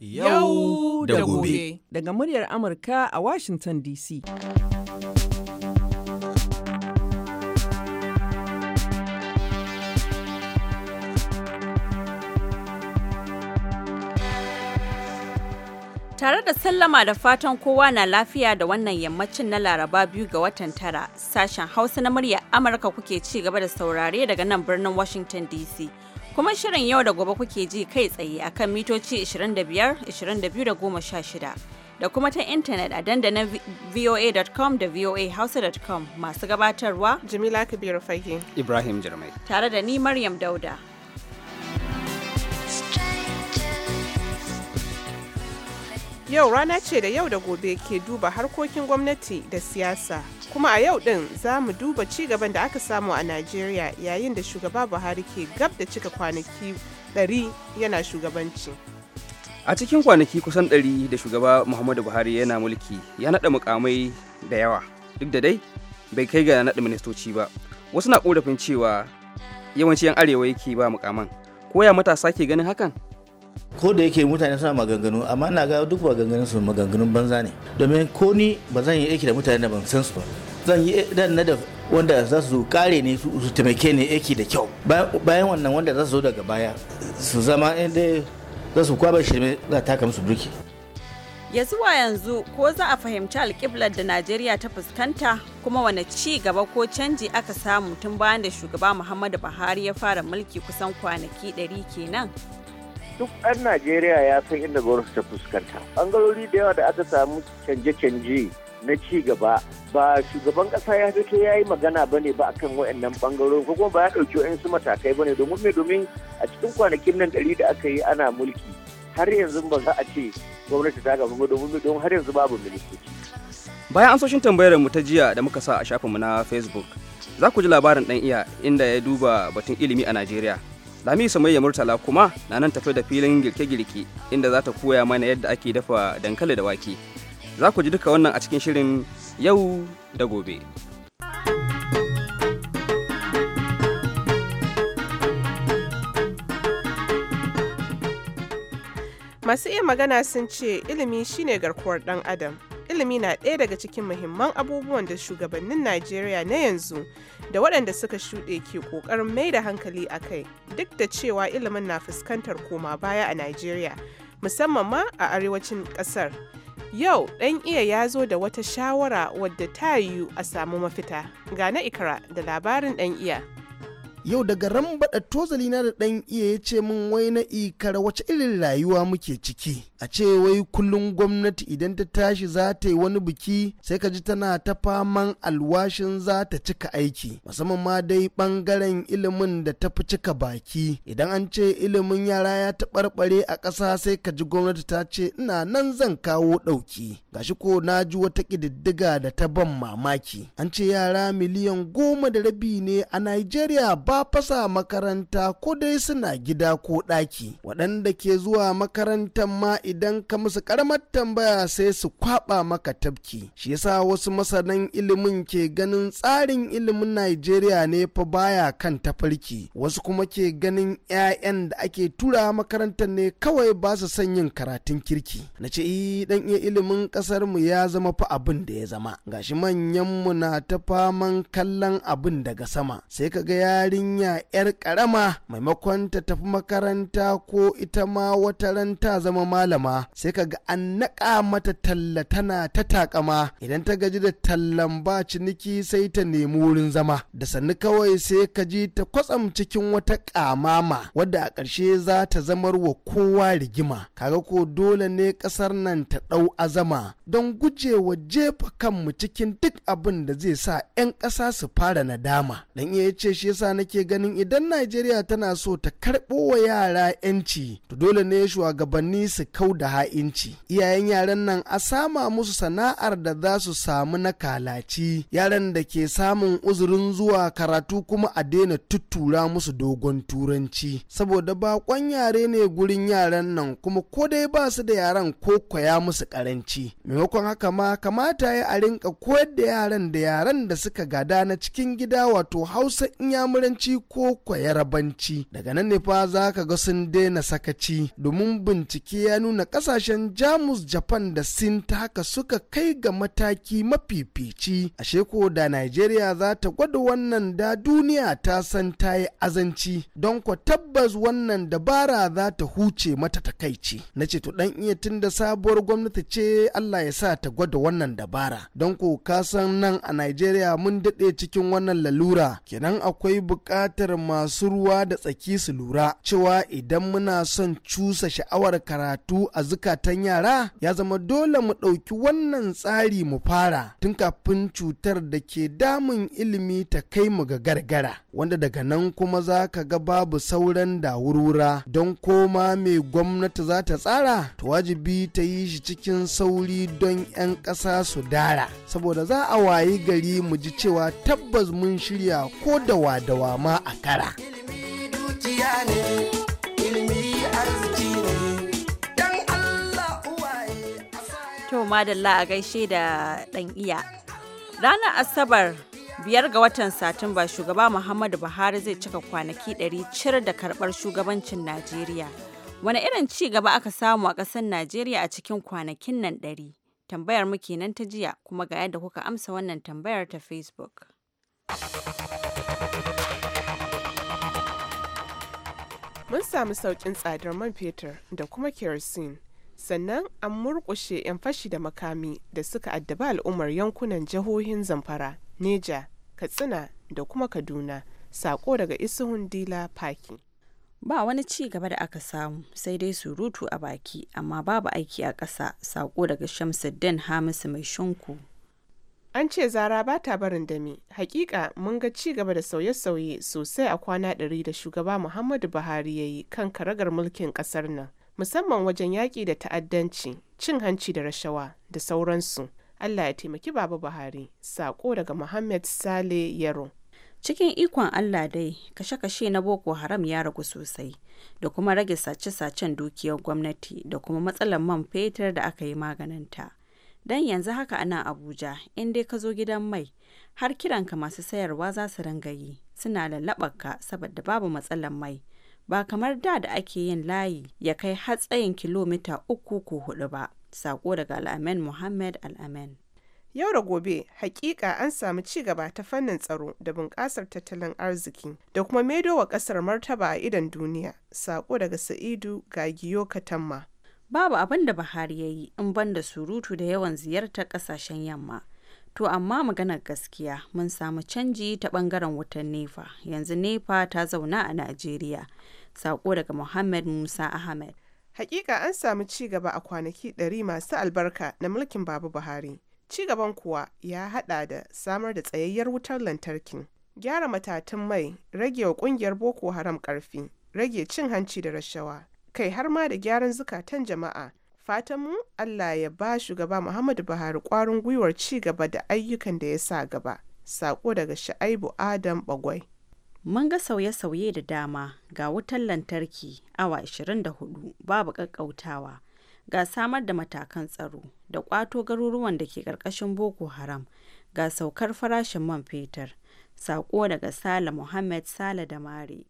yau da gobe daga muryar Amurka a Washington DC. Tare da sallama da fatan kowa na lafiya da wannan yammacin na Laraba biyu ga watan tara, sashen Hausa na muryar Amurka kuke ci gaba da saurare daga nan birnin Washington DC. Kuma shirin yau da gobe kuke ji kai tsaye akan mitoci 25, 22 da kuma ta intanet a dandanan voa.com da voahouse.com masu gabatarwa jimila Kabiru Fage Ibrahim Jirmai tare da ni Maryam Dauda. Yau rana ce da yau da gobe ke duba harkokin gwamnati da siyasa. Kuma a yau din za mu duba ci gaban da aka samu a Najeriya yayin da shugaba Buhari ke gab da cika kwanaki 100 yana shugabanci. A cikin kwanaki kusan 100 da shugaba Muhammadu Buhari yana mulki ya naɗa mukamai da yawa. Duk da dai bai kai ga nada ministoci ba. Wasu na ƙorafin cewa yawanci 'yan arewa yake ba mukaman. ya matasa ke ganin hakan? ko da yake mutane suna maganganu amma na ga duk maganganun su maganganun banza ne domin ko ni ba zan yi aiki da mutane da ban san su ba zan yi dan na da wanda za su kare ne su taimake ne aiki da kyau bayan wannan wanda za su zo daga baya su zama inda za su kwaba shirme za taka musu duki. ya zuwa yanzu ko za a fahimci alƙiblar da najeriya ta fuskanta kuma wane ci gaba ko canji aka samu tun bayan da shugaba muhammadu buhari ya fara mulki kusan kwanaki 100 kenan duk ɗan najeriya ya san inda gwamnati ta fuskanta bangarori da yawa da aka samu canje-canje na ci gaba ba shugaban ƙasa ya fito ya yi magana ba ne ba akan waɗannan bangarori ko kuma ba ya ɗauki wa'insu matakai ba ne domin me domin a cikin kwanakin nan ɗari da aka yi ana mulki har yanzu ba za a ce gwamnati ta gaba ba domin domin har yanzu babu ministoci. bayan an soshin tambayar mu ta jiya da muka sa a shafinmu na facebook za ku ji labarin ɗan iya inda ya duba batun ilimi a najeriya Lami samayya Murtala kuma na nan tafi da filin girke-girke inda za ta koya mana yadda ake dafa dankali da wake. Za ku ji duka wannan a cikin shirin yau da gobe. Masu iya magana sun ce ilimi shine garkuwar ɗan adam. ilimi na ɗaya daga cikin muhimman abubuwan da shugabannin Najeriya na yanzu da waɗanda suka shuɗe ke ƙoƙarin mai da hankali a kai duk da cewa ilimin na fuskantar koma baya a Najeriya musamman ma a arewacin ƙasar. Yau ɗan iya ya zo da wata shawara wadda ta yiwu a samu mafita. Ga na ikra da labarin ɗan iya. yau daga rambaɗa tozalina da ɗan iya ya ce min wai na ikar wace irin rayuwa muke ciki a ce wai kullum gwamnati idan ta tashi za ta yi wani biki sai ka ji tana ta faman alwashin za ta cika aiki musamman ma dai ɓangaren ilimin da ta fi cika baki idan an ce ilimin yara ya taɓarɓare a ƙasa sai ka ji gwamnati ta ce ina nan zan kawo ɗauki gashi ko na ji wata ƙididdiga da ta ban mamaki an ce yara miliyan goma da rabi ne a Najeriya ba fasa makaranta ko dai suna gida ko ɗaki waɗanda ke zuwa makarantar ma idan ka musu karamar tambaya sai su kwaɓa maka tafki shi yasa wasu masanan ilimin ke ganin tsarin ilimin Najeriya ne fa baya kan tafarki wasu kuma ke ganin 'ya'yan da ake tura makarantar ne kawai ba su son yin karatun kirki na ce dan iya ilimin kasar mu ya zama fa abin da ya zama gashi manyan mu na ta faman kallon abin daga sama sai ka ga yarin yarinya 'yar karama maimakon ta tafi makaranta ko ita ma wata ran ta zama malama sai ka ga an naƙa mata talla tana ta takama idan ta gaji da tallan ba ciniki sai ta nemi wurin zama da sannu kawai sai ka ji ta kwatsam cikin wata ƙamama wadda a ƙarshe za ta zamar wa kowa rigima kaga ko dole ne kasar nan ta ɗau azama don gujewa jefa kanmu cikin duk abin da zai sa 'yan ƙasa su fara nadama dan iya ce shi yasa ke ganin idan Najeriya tana so ta karɓo wa yara 'yanci to dole ne shugabanni su kau da ha'inci. Iyayen yaran nan a sama musu sana'ar da za su samu na kalaci yaran da ke samun uzurin zuwa karatu kuma a daina tuttura musu dogon turanci saboda bakon yare ne gurin yaran nan kuma ko dai ba su da yaran ko kwaya musu karanci. Maimakon haka ma kamata ya a rinka koyar da yaran da yaran da suka gada na cikin gida wato hausa inyamuranci turanci ko kwa yarabanci daga nan ne fa za ka ga sun daina sakaci domin bincike ya nuna kasashen jamus japan da sin ta haka suka kai ga mataki mafifici a sheko da nigeria za ta gwada wannan da duniya ta san ta yi azanci don kwa tabbas wannan dabara za ta huce mata takaici na ce to dan iya tun da sabuwar gwamnati ce allah ya sa ta gwada wannan dabara don ko ka san nan a nigeria mun daɗe cikin wannan lalura kenan akwai bukatar buƙatar masu ruwa da tsaki su lura cewa idan muna son cusa sha'awar karatu a zukatan yara ya zama dole mu ɗauki wannan tsari mu fara tun kafin cutar da ke damun ilimi ta kai mu ga gargara wanda daga nan kuma za ka ga babu sauran da wurwura don koma mai gwamnati za ta tsara ta wajibi ta yi shi cikin sauri don 'yan ƙasa su dara saboda za a wayi gari mu ji cewa tabbas mun shirya ko da wadawa ma a kara. a gaishe da ɗan iya. Ranar Asabar biyar ga watan Satumba shugaba Muhammadu Buhari zai cika kwanaki ɗari cire da karɓar shugabancin Najeriya. Wani irin ci gaba aka samu a ƙasar Najeriya a cikin kwanakin nan ɗari? Tambayar mu kenan ta jiya kuma ga yadda kuka amsa wannan tambayar ta Facebook. mun samu sauƙin tsadar man fetur da kuma kerosene sannan an murƙushe 'yan fashi da makami da suka addaba al'ummar yankunan jihohin zamfara neja katsina da kuma kaduna sako daga isuhun dila paki ba wani ci gaba da aka samu sai dai surutu a baki amma babu aiki a ƙasa sako daga shamsuddin hamisu mai shinku An ce Zara ba ta barin dami, hakika mun ga ci gaba da sauye-sauye sosai a kwana ɗari da shugaba Muhammadu Buhari ya yi kan karagar mulkin ƙasar nan, musamman wajen yaƙi da ta'addanci, cin hanci da rashawa da sauransu. Allah ya taimaki Baba Buhari, sako daga Muhammad Sale Yaro. Cikin ikon Allah dai, kashe-kashe na Boko Haram ya ragu sosai, da kuma rage sace-sacen dukiyar gwamnati da kuma matsalar man fetur da aka yi maganinta. don yanzu haka ana Abuja in dai ka zo gidan mai har kiranka masu sayarwa za su ringa yi suna lallaɓarka saboda babu matsalar mai ba kamar da da ake yin layi ya kai har kilomita uku ko hudu ba sako daga al'amen muhammad al'amen yau da gobe hakika an samu ci gaba ta fannin tsaro da bunƙasar tattalin arziki da kuma maido wa ƙasar martaba a idon duniya sako daga sa'idu gagiyo katamma babu abin da buhari ya yi in ban da surutu da yawan ziyartar kasashen yamma to amma maganar gaskiya mun samu canji ta bangaren wutan nefa yanzu nefa ta zauna a najeriya sako daga muhammad musa ahmed hakika an samu ci gaba a kwanaki ɗari masu albarka na mulkin babu buhari ci gaban kuwa ya hada da samar da tsayayyar wutar lantarki gyara matatun mai rage wa kungiyar boko haram karfi rage cin hanci da rashawa kai har ma da gyaran zukatan jama'a. Fatanmu Allah ya ba shugaba Muhammadu Buhari kwarin gwiwar ci gaba da ayyukan da ya sa gaba. Sako daga Sha'aibu Adam Bagwai. Mun ga sauye-sauye da dama ga wutar lantarki awa 24 babu kakkautawa ga samar da matakan tsaro da kwato garuruwan da ke karkashin Boko Haram ga saukar farashin man fetur. Sako daga Sale Muhammad Sale da Mare.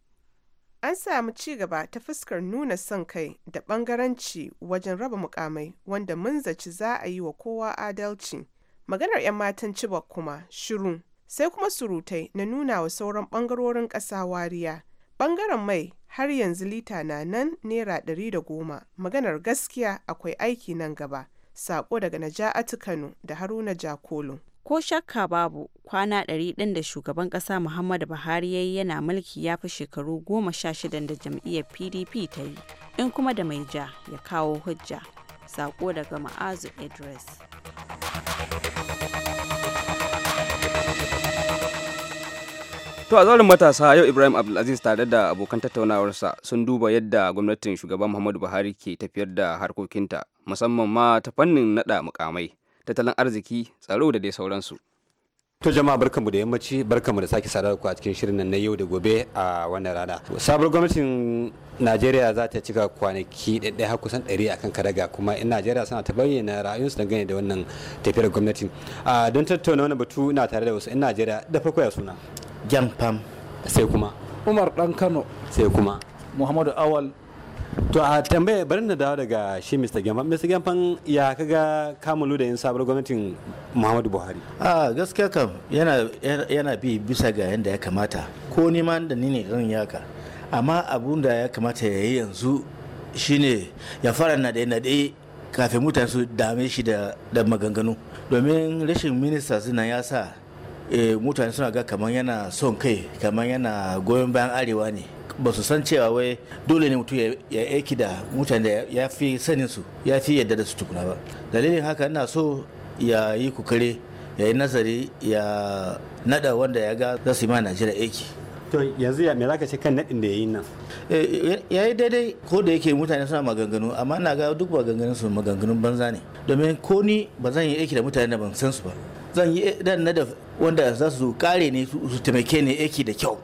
an samu ci gaba ta fuskar nuna son kai da ɓangaranci wajen raba mukamai wanda mun zaci za a yi wa kowa adalci maganar 'yan matan cibok kuma shiru sai kuma surutai na nuna wa sauran ɓangarorin ƙasa wariya bangaren mai har yanzu lita na nan naira ɗari da goma maganar gaskiya akwai aiki nan gaba sako daga naja'atu kano da haruna jakolo ko shakka babu kwana ɗari ɗin da shugaban ƙasa muhammadu buhari ya yi yana mulki ya fi shekaru goma sha shidan da jam'iyyar pdp ta yi in kuma da mai ja ya kawo hujja sako daga ma'azu idris To a zauren matasa yau Ibrahim Abdulaziz tare da abokan tattaunawarsa sun duba yadda gwamnatin shugaban Muhammadu Buhari ke tafiyar da harkokinta musamman ma ta fannin naɗa mukamai. tattalin arziki tsaro da dai sauransu To jama'a barkanmu da yammaci barkanmu da sake sadar ku a cikin shirin nan na yau da gobe a wannan rana. Sabuwar gwamnatin Najeriya za ta cika kwanaki ɗaiɗai har kusan ɗari akan karaga kuma in Najeriya suna ta bayyana ra'ayinsu dangane da wannan tafiyar gwamnatin. Don tattauna wani batu ina tare da wasu in Najeriya da farko ya suna. Jan Pam. Sai kuma. Umar Dan Kano. Sai kuma. Muhammadu Awal to a tambaye bari na dawo daga shi mr gemfan mr gemfan ya kaga kamalu da yin sabar gwamnatin muhammadu buhari a gaskiya kam yana bi bisa ga yadda ya kamata ko nima da ni ne zan yaka amma abun da ya kamata ya yi yanzu shine ya fara naɗe naɗe kafin mutane su dame shi da maganganu domin rashin minista suna ya sa eh, mutane suna ga kamar yana son kai kamar yana goyon bayan arewa ne ba su san cewa wai dole ne mutum ya aiki da mutane da ya fi sanin su ya fi yadda da su tukuna ba dalilin haka ina so ya yi kukure ya yi nazari ya nada wanda ya ga za su yi ma najeriya aiki to yanzu ya me zaka ce kan nadin da ya yi nan eh, ya yi daidai ko da yake mutane suna maganganu amma na ga duk maganganun su maganganun banza ne domin ko ni ba zan yi aiki da mutane da ban san su ba zan yi dan na da wanda za su kare ne su taimake ne aiki da kyau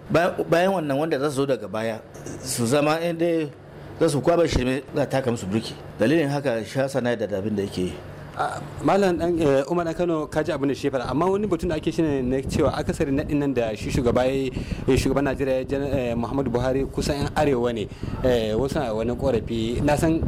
bayan wannan wanda za su zo daga baya su zama inda za su kwaba shirme za taka musu birki dalilin haka sha sana da abin da yake yi malam dan eh, umar na kano kaji abin da shi fara amma wani batun da ake shine na cewa akasari na nan da shi shugaba eh, shugaban najeriya eh, muhammadu buhari kusan yan arewa ne wasu na wani korafi na san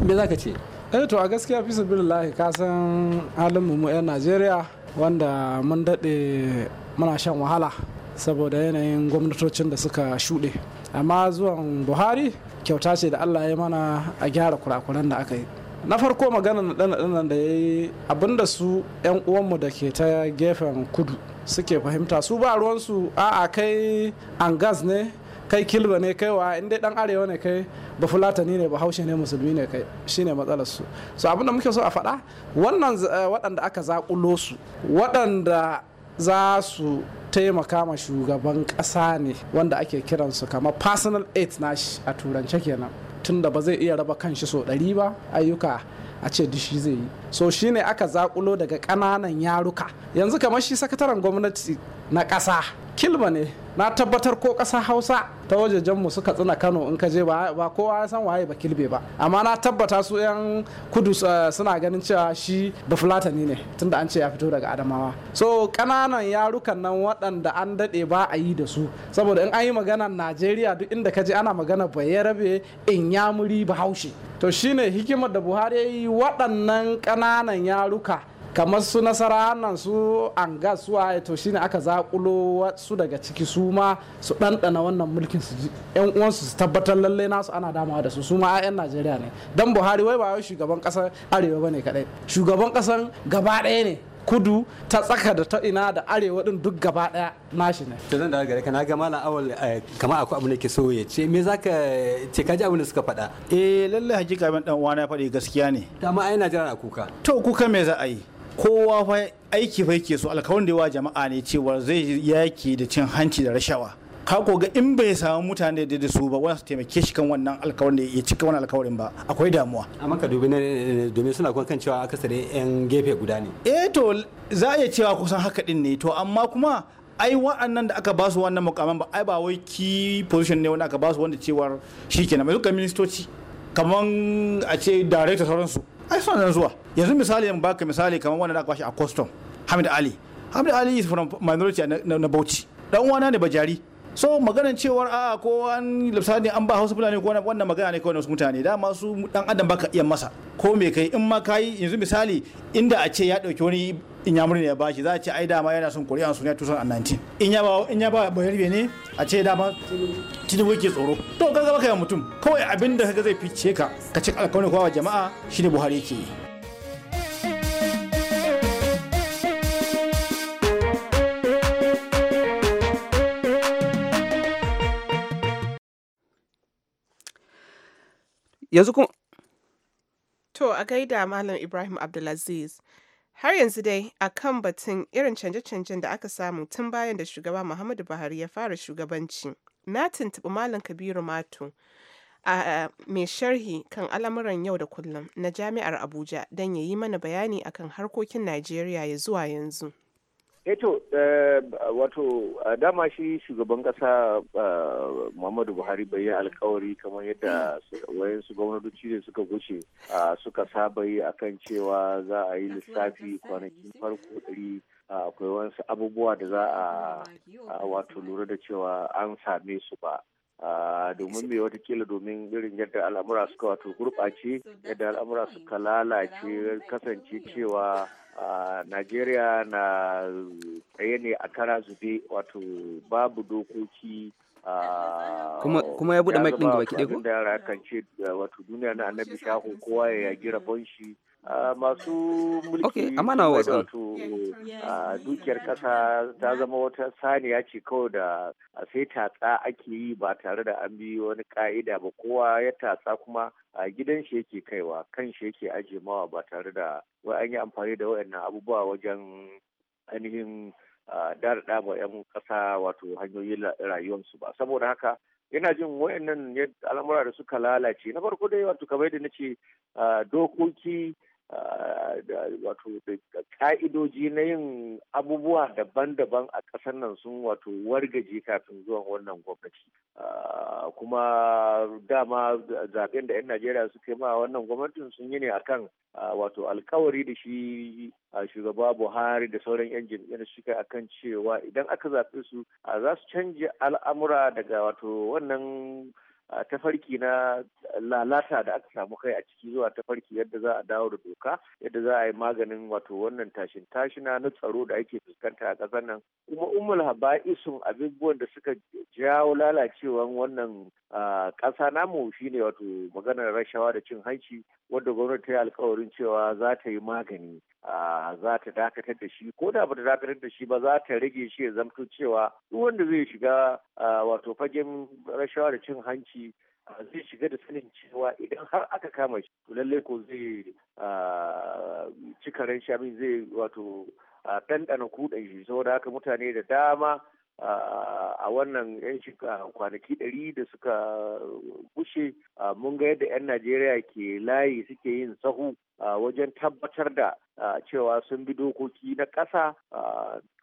me za ka ce eh to a gaskiya fi sabilillahi ka san halin mu 'yan najeriya wanda mun daɗe muna shan wahala saboda yanayin gwamnatocin da suka shuɗe amma zuwan buhari kyauta ce da allah ya mana a gyara kurakuran da aka yi na farko magana na ɗana da ya yi abinda su 'yan uwanmu da ke ta gefen kudu suke fahimta su ba ruwansu a'a kai an gas ne kai kilba ne kai wa in dai dan arewa ne kai ba fulatani ne ba haushe ne musulmi ne kai shine matsalar su so abin da muke so a faɗa wannan eh, waɗanda aka zakulo su waɗanda za su taimaka ma shugaban ƙasa ne wanda ake kiransu kamar personal aid na shi a turance kenan tunda ba zai iya raba kanshi so ɗari ba ayyuka a ce dishi zai yi so shine aka zakulo daga ƙananan yaruka yanzu kamar shi sakataren gwamnati na ƙasa Kilba ne na tabbatar ko ƙasa hausa ta mu suka tsina kano in ka je ba kowa ya san waye ba kilbe ba amma na tabbata su 'yan kudu eh, suna ganin cewa shi ba fulatani ne tunda an ce ya fito daga adamawa so ƙananan yarukan nan waɗanda an daɗe ba a yi da su saboda in an yi maganar najeriya duk inda ka je ana magana bayarabe in yamuri bahaushe to shine hikimar da buhari ya yi waɗannan ƙananan yaruka kamar su nasara nan su ga su waye to shine aka zaƙulo su daga ciki su ma su ɗanɗana wannan mulkin su yan uwansu su tabbatar lallai nasu ana damawa da su su ma 'ya'yan najeriya ne dan buhari wai ba wai shugaban ƙasar arewa bane kadai shugaban ƙasar gaba ɗaya ne kudu ta tsaka da ta ina da arewa din duk gaba daya nashi ne to zan da gare ka na ga malam awal eh, kamar akwai abin da ke so ya ce me zaka ce ka ji abin da suka faɗa eh lalle hakika abin dan uwana faɗi gaskiya ne amma ai Najeriya na kuka to kuka me za a yi kowa fa aiki fa yake so alkawarin da yawa jama'a ne cewa zai yaki da cin hanci da rashawa ka koga in bai samu mutane da su ba wani su taimake shi kan wannan alkawarin da ya cika wannan alkawarin ba akwai damuwa amma ka dubi domin suna kuma kan cewa akasari yan gefe guda ne eh to za a iya cewa kusan haka din ne to amma kuma ai wa'annan da aka basu wannan mukamman ba ai ba wai ki position ne wanda aka basu wanda cewar shikenan mai dukkan ministoci kamar a ce director sauransu ai suna nan zuwa yanzu misali yan baka misali kamar wanda aka bashi a custom Hamid Ali Hamid Ali is from minority na, Bauchi dan uwana ne Bajari so maganan cewar a ko an lissani an ba hausa fulani ko wannan magana ne kawai wasu mutane dama su dan adam baka iya masa ko me kai in ma kai yanzu misali inda a ce ya dauki wani in ya murna ya bashi za a ce ai dama yana son kuria su ne 2019 in ya ba in ya ba ne a ce dama tinubu ke tsoro to kaga baka mutum kawai abinda kaga zai fice ka ka ci alƙawarin kowa jama'a shine buhari yake yi yanzu kuma to a gaida malam ibrahim abdulaziz har yanzu dai a kan batun irin canje-canjen da aka samu tun bayan da shugaba muhammadu buhari ya fara shugabanci na tuntuɓi malam kabiru mato a mai sharhi kan al'amuran yau da kullum na jami'ar abuja don ya yi mana bayani akan harkokin najeriya ya zuwa yanzu Eh to eh, wato eh, dama shi shugaban kasa muhammadu buhari bai yi alkawari kamar yadda wayan su gwamnatoci da suka guce suka saba yi akan cewa za a yi lissafi kwanakin farko ɗari akwai wasu abubuwa da za a wato lura da cewa an same su ba Ah, domin mai watakila domin irin yadda al'amura suka wato gurɓace yadda al'amura suka lalace kasance cewa ah, najeriya na tsaye ne a kara zube wato babu dokoki ah, kuma ya buɗe mic ɗin gaba ki ɗaya kan ce wato duniya na annabi shaho kowa ya yagi rabon shi Ah, masu mulki wato ah, dukiyar kasa ta zama wata saniya ce kawai da sai tatsa ake yi ba tare da an bi wani ka'ida ba kowa ya tatsa kuma a ah, gidan shi yake kaiwa kan shi yake ajiye mawa ba tare da wai an yi amfani da waɗannan abubuwa wajen ainihin daraɗa ba 'yan kasa wato hanyoyin rayuwarsu ba saboda haka yana jin wayannan al'amura da suka lalace na farko dai wato kamar yadda na ce dokoki Ah, wato ka'idoji na yin abubuwa daban-daban a ƙasar nan sun wato wargaje kafin zuwa wannan gwamnati ah, kuma dama zaben da 'yan najeriya suka yi ma wannan gwamnatin sun yi ne akan ah, wato alkawari da shi shugaba buhari da sauran 'yan jam'iyyar suka akan cewa idan aka zaɓe su za su canja al'amura daga wato wannan tafarki na lalata da aka samu kai a ciki zuwa tafarki yadda za a dawo da doka yadda za a yi maganin wato wannan tashin tashina na tsaro da ake fuskanta a ƙasar nan kuma umul haba'isun abubuwan da suka jawo lalacewan wannan ƙasa namu shine wato maganar rashawa da cin hanci wadda gwamnati ta yi alkawarin cewa za ta yi magani za ta dakatar da shi ko da bata dakatar da shi ba za ta rage shi ya zamto cewa duk wanda zai shiga wato fagen rashawa da cin hanci zai shiga da sanin cewa idan har aka kama shi to lallai ko zai ci karen shami zai wato ɗanɗana kuɗin shi saboda haka mutane da dama a wannan yan kwanaki ɗari da suka bushe mun ga yadda 'yan najeriya ke layi suke yin sahu wajen tabbatar da cewa sun bi dokoki na ƙasa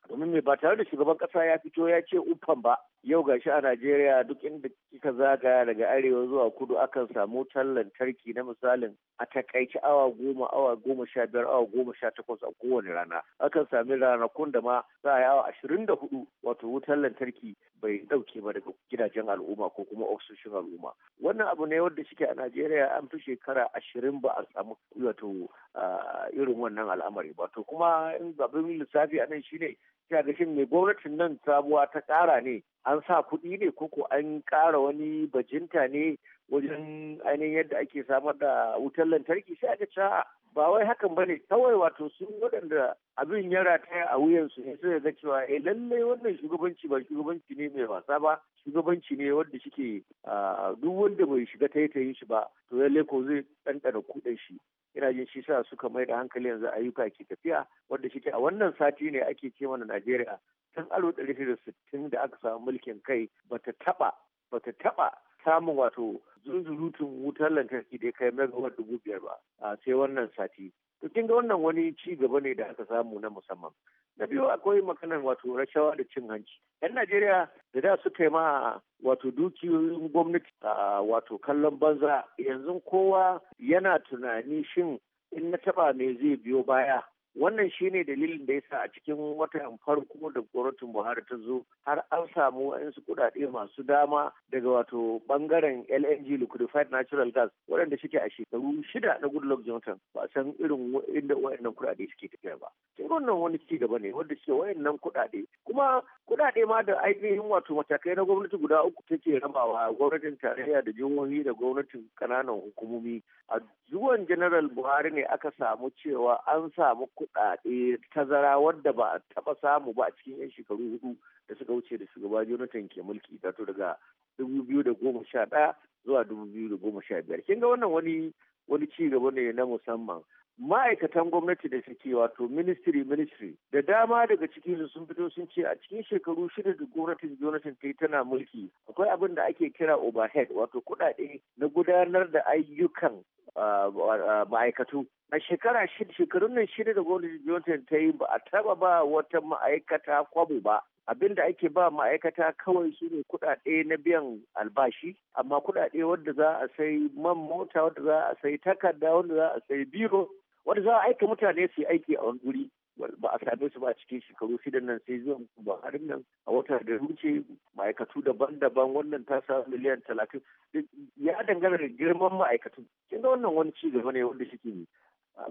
domin mai ba tare da shugaban ƙasa ya fito ya ce uffan ba yau gashi a Najeriya duk inda kika zaga daga arewa zuwa kudu akan samu wutar lantarki na misalin a takaici awa goma awa goma sha biyar awa goma sha takwas a kowane rana akan sami ranakun da ma za a yi awa ashirin da hudu wato wutar lantarki bai dauke ba daga gidajen al'umma ko kuma ofisoshin al'umma wannan abu ne wanda shike a Najeriya an fi shekara ashirin ba a samu wato ah, irin wannan al'amari ba to kuma in zaɓin lissafi a nan shine ga shin mai gwamnatin nan sabuwa ta ƙara ne an sa kuɗi ne koko an ƙara wani bajinta ne wajen ainihin yadda ake samar da wutar lantarki sai aka cewa ba wai hakan bane kawai wato sun waɗanda abin ya rataya a wuyansu ne sai ga cewa eh lallai wannan shugabanci ba shugabanci ne mai wasa ba shugabanci ne wanda shike duk wanda bai shiga yi shi ba to lallai ko zai ɗanɗana kuɗin shi ina jin shi sa suka mai da hankali yanzu ayyuka ke tafiya wanda shike a wannan sati ne ake ce mana Najeriya tun alo ɗari da sittin da aka samu mulkin kai bata taɓa bata taɓa samun wato zunzurutun wutar lantarki da ya kai megawatt dubu biyar ba a sai wannan sati to kin ga wannan wani ci gaba ne da aka samu na musamman na biyu akwai makanan wato rashawa da cin hanci yan najeriya da da suka yi ma wato dukiyoyin gwamnati wato kallon banza yanzu kowa yana tunani shin in na taba me zai biyo baya wannan shi ne dalilin da ya sa a cikin watan farko da gwamnatin buhari ta zo har an samu wa'insu kudade masu dama daga wato bangaren lng liquefied natural gas waɗanda suke a shekaru shida na goodluck jonathan ba san irin inda wayannan su suke tafiya ba cikin wannan wani ci gaba ne wanda suke wayannan kudade. kuma kudade ma da ainihin wato matakai na gwamnati guda uku take rabawa gwamnatin tarayya da jihohi da gwamnatin kananan hukumomi a zuwan general buhari ne aka samu cewa an samu kuɗaɗe tazara wanda ba a taɓa samu ba a cikin 'yan shekaru hudu da suka wuce da shugaba jonathan ke mulki wato daga ɗaya zuwa biyar kin ga wannan wani wani ci gaba ne na musamman ma'aikatan gwamnati da suke wato ministry ministry da dama daga cikinsu sun fito sun ce a cikin shekaru shida da gwamnatin jonathan ta tana mulki akwai abin da ake kira overhead wato kuɗaɗe na gudanar da ayyukan ma'aikatu a shekara shekarun nan shida da gwamnatin johnson ta yi ba a taba ba wata ma'aikata kwabo ba abin da ake ba ma'aikata kawai su ne kuɗaɗe na biyan albashi amma kuɗaɗe wanda za a sai man mota wanda za a sai takarda wanda za a sai biro wanda za a aika mutane su yi aiki a wani wuri ba a same su ba a cikin shekaru shida nan sai zuwa harin nan a wata da wuce ma'aikatu daban-daban wannan ta sa miliyan talatin ya dangana da girman ma'aikatu kin ga wannan wani ci gaba ne wanda shi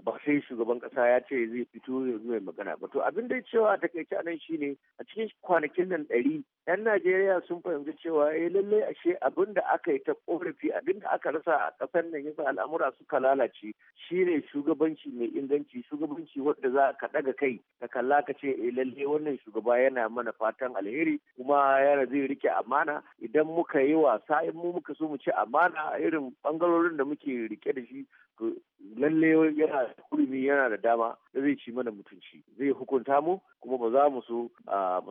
ba shugaban kasa ya ce zai fito ya mai magana ba to abin da cewa a takaice nan shine a cikin kwanakin nan ɗari yan najeriya sun fahimci cewa ya eh, lallai ashe abin da aka yi ta ƙorafi abin da aka rasa a ƙasar nan yasa al'amura suka lalace shine shugabanci mai inganci shugabanci wanda za ka ɗaga kai ka kalla ka ce eh lallai wannan shugaba yana mana fatan alheri kuma yana zai rike amana idan muka yi wasa in mu muka so mu ci amana irin bangarorin da muke rike da shi lalle yana da kurmi yana da dama da zai ci mana mutunci zai hukunta mu kuma ba za mu so mu a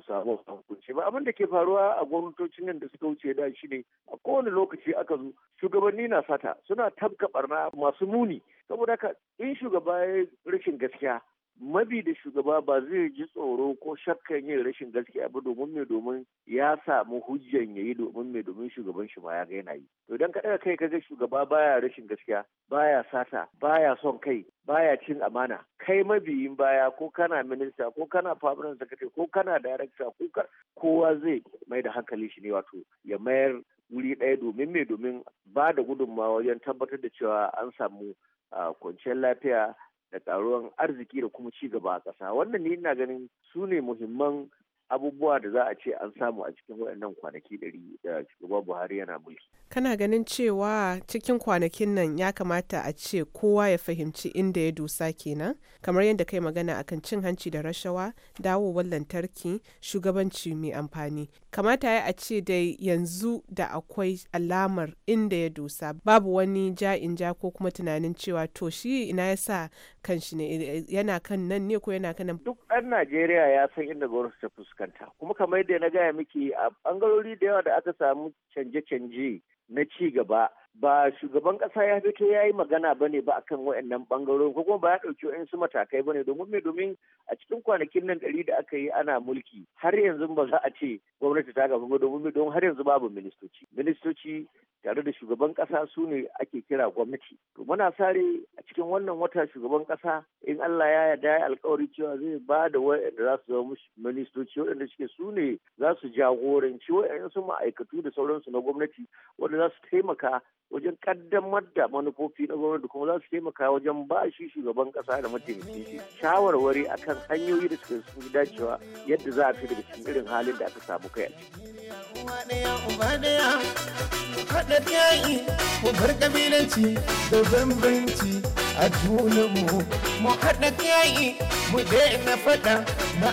hukunci ba abin da ke faruwa a gwamnatocin nan da suka wuce da shi ne a kowane lokaci aka zo shugabanni na sata suna tabka barna masu muni saboda haka in shugaba ya rashin gaskiya mabi da shugaba ba zai ji tsoro ko shakkan yin rashin gaskiya ba domin me domin ya samu hujjan ya yi domin me domin shugaban shi ma ya ga yana yi to idan ka daga kai kaga shugaba baya rashin gaskiya baya sata baya son kai baya cin amana kai mabiyin baya ko kana minista ko kana permanent secretary ko kana director ko kowa zai mai da hankali shi ne wato ya mayar wuri ɗaya domin me domin ba da gudunmawa wajen tabbatar da cewa an samu ah, kwanciyar lafiya da karuwan arziki da kuma ci gaba a ƙasa wannan ne ina ganin su ne muhimman abubuwa da za a ce an samu a cikin waɗannan kwanaki ɗari da shugaba buhari yana mulki kana ganin cewa cikin kwanakin nan ya kamata a ce kowa ya fahimci inda ya dusa kenan kamar yadda kai magana akan cin hanci da rashawa dawowar lantarki shugabanci mai amfani kamata ya a ce dai yanzu da akwai alamar inda ya dusa babu wani ja in ja ko kuma tunanin cewa to shi ina yasa kan shi ne eh, eh, yana kan nan ne ko yana kan nan duk ɗan Najeriya ya san inda gwamnati ta fuskanta kuma kamar yadda na gaya miki a bangarori da yawa da aka samu canje-canje na ci gaba ba shugaban kasa ya fito ya yi magana ba ne ba akan waɗannan bangarorin ko kuma ba ya ɗauki su matakai ba ne domin me domin a cikin kwanakin nan ɗari da aka yi ana mulki har yanzu ba za a ce gwamnati ta gafi ba domin me domin har yanzu babu ministoci ministoci tare da shugaban kasa su ne ake kira gwamnati to muna sare a cikin wannan wata shugaban kasa in Allah ya yarda ya alkawari cewa zai ba da waɗanda za su zama ministoci waɗanda suke su ne za su jagoranci waɗansu ma'aikatu da sauransu na gwamnati wanda za su taimaka wajen kaddamar da manufofi na gwamnati kuma za su taimaka wajen ba shi shugaban kasa da mataimakin shi shawarwari akan hanyoyi da suka sun dacewa yadda za a fi daga cikin irin halin da aka samu kai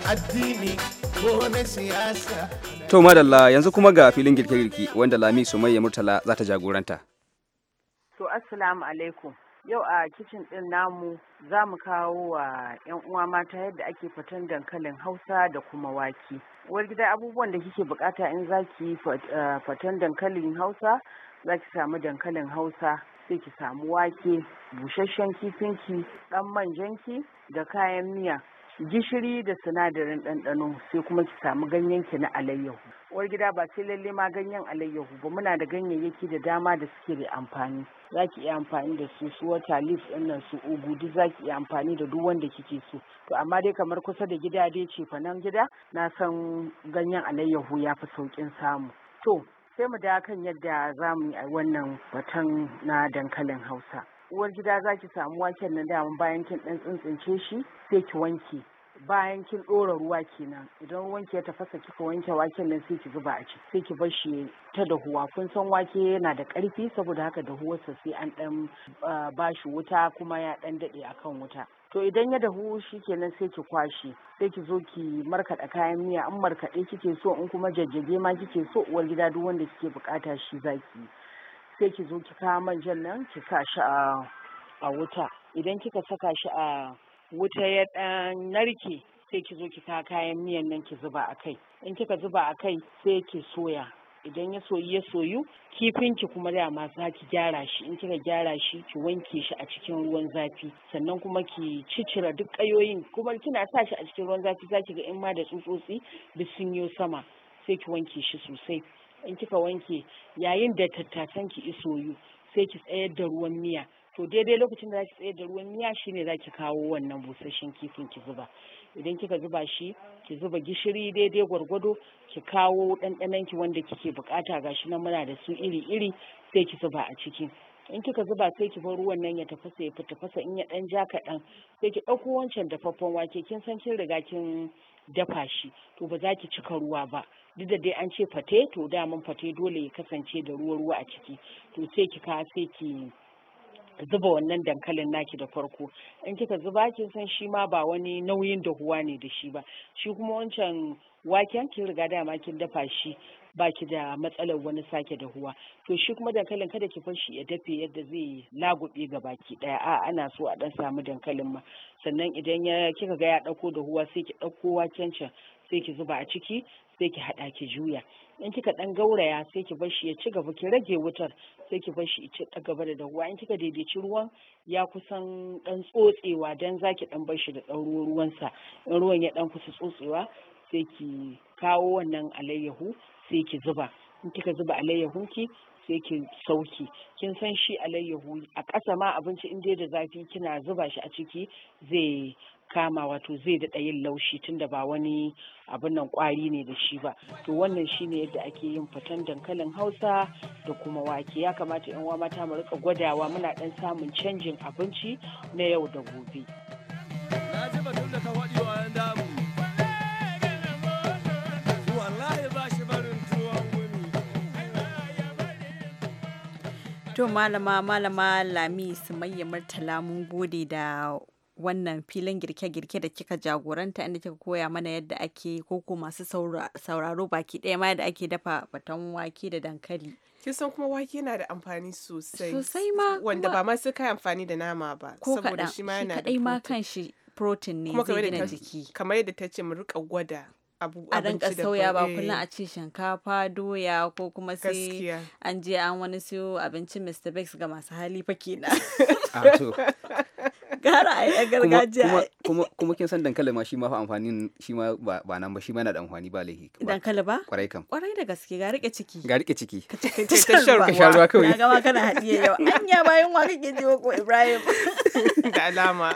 a ciki. a To madalla yanzu kuma ga filin girke girke wanda Lami Sumayya Murtala za ta jagoranta. To assalamu alaikum. Yau a kicin ɗin namu za mu kawo wa 'yan uwa mata yadda ake fatan dankalin Hausa da kuma wake. Wani gida abubuwan da kike bukata in za ki fatan eh, dankalin Hausa za ki samu dankalin Hausa sai ki samu wake, busasshen kifinki, ɗan manjanki da kayan miya. gishiri da sinadarin ɗanɗano sai kuma ki samu ganyenki na alayyahu uwar gida ba sai lalle ma ganyen alayyahu ba muna da ganyayyaki da dama da suke da amfani za ki iya amfani da su su wata leaf ɗin nan su ugu duk za ki iya amfani da duk wanda kike so to amma dai kamar kusa da gida dai ce fanan gida na san ganyen alayyahu ya fi saukin samu to sai mu da kan yadda za mu yi wannan batun na dankalin hausa uwar gida za ki samu waken na dama bayan kin ɗan tsintsince shi sai ki wanke bayan kin ɗora ruwa kenan idan wanke ya tafasa kika wanke waken nan sai ki zuba a ciki sai ki bar shi ta dahuwa kun san wake yana da ƙarfi saboda haka dahuwarsa sai an ɗan ah, bashi wuta kuma ya ɗan daɗe akan wuta to idan ya dahu shi kenan sai ki kwashe sai ki zo ki markaɗa kayan miya an markaɗe kike so in kuma jajjage ma kike so uwar gida duk wanda kike bukata shi zaki sai ki zo ki kawo manjan nan ki sa shi a wuta idan kika saka shi a wuta ya ɗan narke sai ki zo ki ta kayan miyan nan ki zuba a kai in kika zuba a kai sai ki soya idan ya soyi ya soyu kifin ki kuma dama za ki gyara shi in kika gyara shi ki wanke shi a cikin ruwan zafi sannan kuma ki cicira duk ƙayoyin kuma kina sa shi a cikin ruwan zafi za ki ga in ma da tsutsotsi duk sun yi sama sai ki wanke shi sosai in kika wanke yayin da tattasan ki isoyu sai ki tsayar da ruwan miya to daidai lokacin da zaki tsaye da ruwan miya shine zaki kawo wannan busasshen kifin ki zuba idan kika zuba shi ki zuba gishiri daidai gwargwado ki kawo ɗanɗanon ki wanda kike bukata gashi nan muna da su iri iri sai ki zuba a ciki in kika zuba sai ki bar ruwan nan ya tafasa ya tafasa in ya ɗan ja kaɗan sai ki ɗauko wancan dafaffen wake kin san kin riga kin dafa shi to ba za ki cika ruwa ba duk da dai an ce fate to daman fate dole ya kasance da ruwa ruwa a ciki to sai ki ka sai ki zuba wannan dankalin naki da farko in kika zuba kin san shi ma ba wani nauyin dahuwa ne da shi ba shi kuma wancan waken kin riga da ma kin dafa shi baki da matsalar wani sake dahuwa to shi kuma dankalin kada ki fashi ya dafe yadda zai lagube ga baki daya a ana so a dan samu dankalin ma sannan idan ya kika ga ya dauko dahuwa sai ki dauko waken can sai ki zuba a ciki sai ki haɗa ki juya in kika ɗan gauraya sai ki bar shi ya ci gaba ki rage wutar sai ki bar shi ya ci gaba da dahuwa in kika daidaici ruwan ya kusan dan tsotsewa dan zaki dan bar shi da dan ruwansa in ruwan ya ɗan kusa tsotsewa sai ki kawo wannan alayyahu sai ki zuba in kika zuba alayyahunki sai ki sauki kin san shi alayyahu a ƙasa ma abinci in dai da zafi kina zuba shi a ciki zai kama wato zai daɗa yin laushi tunda ba wani abin nan ƙwari ne da shi ba to wannan shi ne yadda ake yin fatan dankalin hausa da kuma wake ya kamata yan uwa mata mu rika gwadawa muna ɗan samun canjin abinci na yau da gobe. to malama malama lami sumayya martala mun gode da wannan filin girke-girke da kika jagoranta inda kika koya mana yadda ake koko masu sauraro baki ɗaya ma da ake dafa batan wake da dankali. kin san kuma wake yana da amfani sosai sosai ma wanda ba ma sai kai amfani da nama ba saboda shi ma yana da ma kan shi protein ne zai gina jiki kamar yadda ta ce mu rika gwada abu a rinka sauya ba kullum a ci shinkafa doya ko kuma sai an je an wani siyo abinci Mr. Bex ga masu hali fa kenan ah, gara a yi gargajiya kuma kin san dankali ma shi ma fa amfani shi ma ba nan ba shi ma yana da amfani ba lahi dankali ba kwarai kam kwarai da gaske ga rike ciki ga rike ciki ka shan ruwa kawai ga ma kana hadiye yau anya bayan wa kake ji ko Ibrahim da alama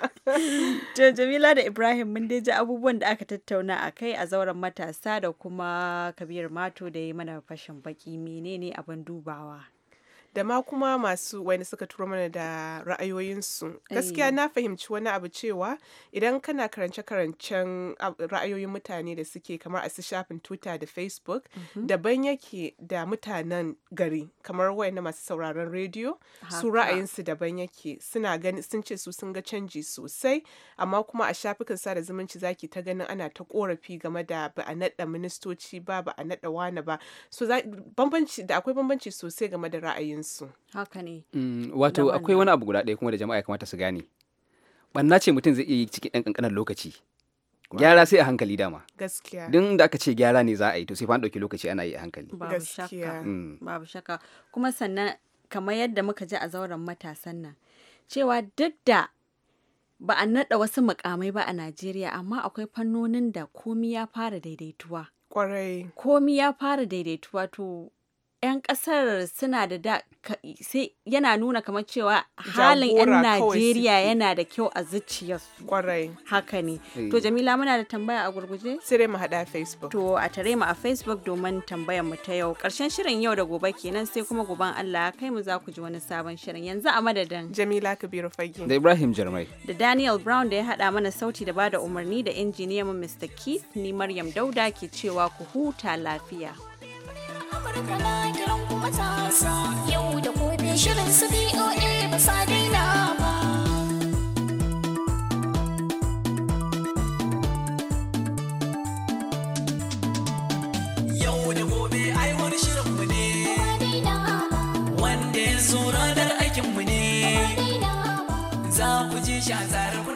to Jamila da Ibrahim mun dai ji abubuwan da aka tattauna a kai a zauren taron matasa da kuma Kabir Mato da ya mana fashin baki menene abin dubawa. da ma kuma masu wani suka turo mana da ra'ayoyinsu gaskiya eh. na fahimci wani abu cewa idan kana karance-karancen ra'ayoyin mutane da suke kamar a su shafin twitter da facebook mm-hmm. daban yake da mutanen gari kamar wayanna masu sauraron rediyo su ra'ayinsu daban yake suna gani sun ce su sun ga canji sosai amma kuma a shafukan sada zumunci zaki ta ganin ana ta korafi game da ba a naɗa ministoci ba ba a naɗa wani ba so bambanci da akwai bambanci sosai game da ra'ayinsu su. haka ne mm, wato akwai wani abu guda ɗaya kuma da jama'a ya kamata su gane banna ce mutum zai iya yi cikin ɗan ƙanƙanar lokaci gyara sai a hankali dama gaskiya Don da aka ce gyara ne za a yi to sai fa ɗauki lokaci ana yi a hankali babu shakka mm. babu shakka kuma sannan kamar yadda muka ji a zauren matasan nan cewa duk da ba a naɗa wasu mukamai ba a Najeriya amma akwai fannonin da komi ya fara daidaituwa. Kwarai. Komi ya fara daidaituwa to 'yan kasar suna da da sai yana nuna kamar cewa halin 'yan Najeriya yana da kyau a zuciyarsu. Kwarai. Haka ne. Eh. To Jamila muna da tambaya a gurguje? Sire mu haɗa Facebook. To a tare mu a Facebook domin tambayar mu ta yau. Karshen shirin yau da gobe kenan sai kuma goban Allah kai mu za ku ji wani sabon shirin. Yanzu a madadin. Jamila Kabiru Fage. Da Ibrahim Jarmai. Da Daniel Brown da ya haɗa mana sauti da bada umarni da injiniyan Mr. Keith ni Maryam Dauda ke cewa ku huta lafiya. Amurka na kiran kuma matasa yau da gobe shirin su BOA ba sa daina ba. Yau da gobe ai wani shirin mu ne. Wanda ya zo ranar aikin mu ne. Za ku ji shi a tsarin